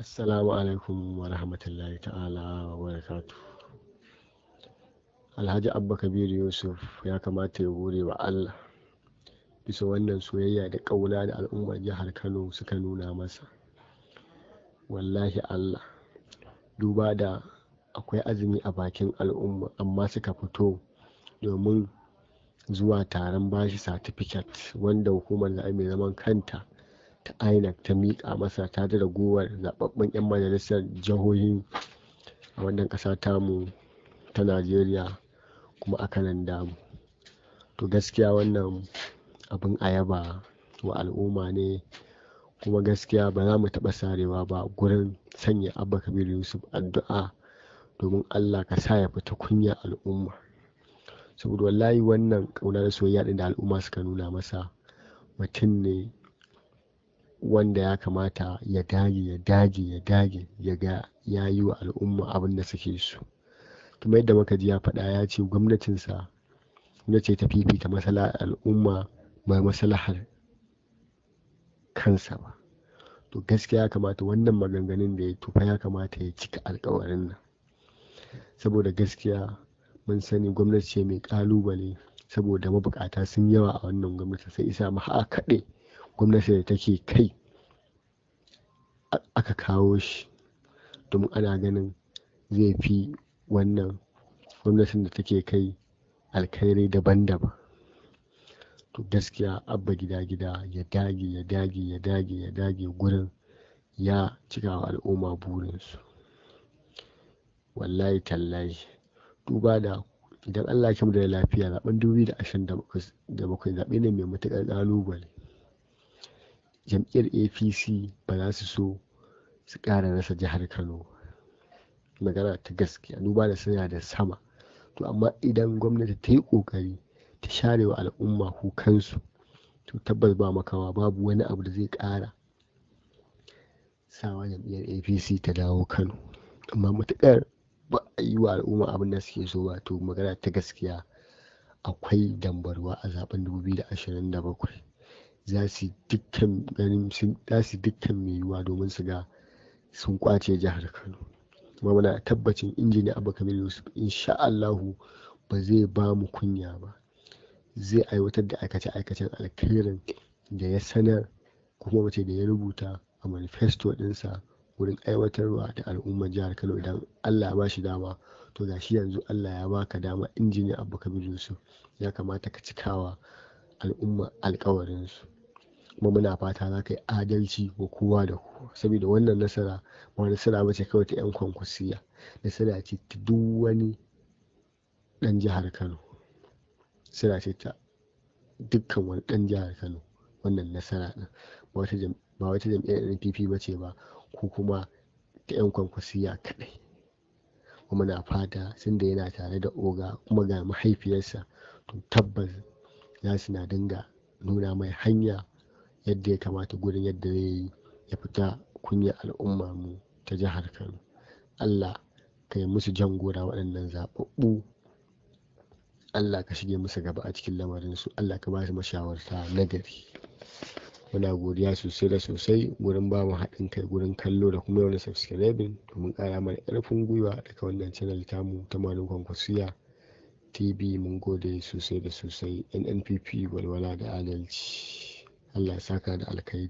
Assalamu alaikum wa rahmatullahi ta'ala wa barakatu. Alhaji Abba Kabiru Yusuf ya kamata ya gode wa Allah bisa wannan soyayya da ƙauna da al'ummar jihar Kano suka nuna masa. Wallahi Allah, duba da akwai azumi a bakin al'umma amma suka fito domin zuwa taron bashi satifiket wanda hukumar da mai zaman kanta ta inec ta mika masa ta da ragowar zababben 'yan majalisar jihohi a wannan ƙasa tamu ta najeriya kuma aka nan damu to gaskiya wannan abin a wa al'umma ne kuma gaskiya ba za mu taɓa sarewa ba gurin sanya abba kabir yusuf addu'a domin allah ka sa ya fita kunya al'umma saboda wallahi wannan ƙauna da soyayya da al'umma suka nuna masa mutum ne wanda ya kamata ya dage ya dage ya dage ya ga ya yi wa al'umma abin da suke su, kuma yadda muka ji ya faɗa ya ce gwamnatinsa ce ta fifita masala al'umma ba masalahar kansa ba to gaskiya ya kamata wannan maganganun da ya tufa ya kamata ya cika alkawarin nan saboda gaskiya mun sani gwamnati ce mai kalubale saboda mabukata sun yawa a wannan gwamnati sai isa ma ha kaɗai. gwamnati da take kai aka kawo shi domin ana ganin zai fi wannan gwamnatin da take kai alkhairi daban-daban to gaskiya abba gida gida ya dage ya dage ya dage ya dage gurin ya cika wa al'umma burinsu wallahi tallahi duba da idan allah ya da lafiya zaben 2027 zaɓe ne mai matuƙar ƙalubale jam'iyyar apc ba za su so su ƙara rasa jihar kano magana ta gaskiya duba da suna da sama to amma idan gwamnati ta yi ƙoƙari ta share wa al'umma kukansu to tabbas ba makawa babu wani abu da zai ƙara sawa jam'iyyar apc ta dawo kano amma matuƙar ba a yi wa al'umma abin da suke so ba to magana ta gaskiya akwai dambarwa a zaben 2027 za su dukkan ganin mai yiwuwa domin su ga sun kwace jihar kano kuma muna tabbacin injini abu kamar yusuf insha allahu ba zai ba mu kunya ba zai aiwatar da aikace-aikacen alkhairin da ya sanar kuma mace da ya rubuta a manifesto dinsa wurin aiwatarwa da al'ummar jihar kano idan allah ba shi dama to ga shi yanzu allah ya baka dama injini abu kamar yusuf ya kamata ka cikawa al'umma alkawarinsu kuma muna fata za ka yi adalci wa kowa da kowa saboda wannan nasara ba nasara ba ce kawai ta 'yan kwankwasiya nasara ce ta duk wani ɗan jihar kano nasara ce ta dukkan wani ɗan jihar kano wannan nasara ɗin ba wata jam'iyyar npp ba ce ba ko kuma ta 'yan kwankwasiya kaɗai kuma muna fata sun da yana tare da oga kuma ga mahaifiyarsa to tabbas za su na dinga nuna mai hanya yadda ya kamata gurin yadda ya yi ya fita kunya al'umma mu ta jihar kano allah ka yi musu jan gora waɗannan zaɓaɓɓu allah ka shige musu gaba a cikin lamarinsu allah ka ba su mashawarta na gari. muna godiya sosai da sosai gurin ba mu haɗin kai gurin kallo da kuma yawan subscribing domin ƙara mana ƙarfin gwiwa daga wannan channel tamu ta manu kwankwasiya tv mun gode sosai da sosai nnpp walwala da adalci Allah ya saka da alkhairi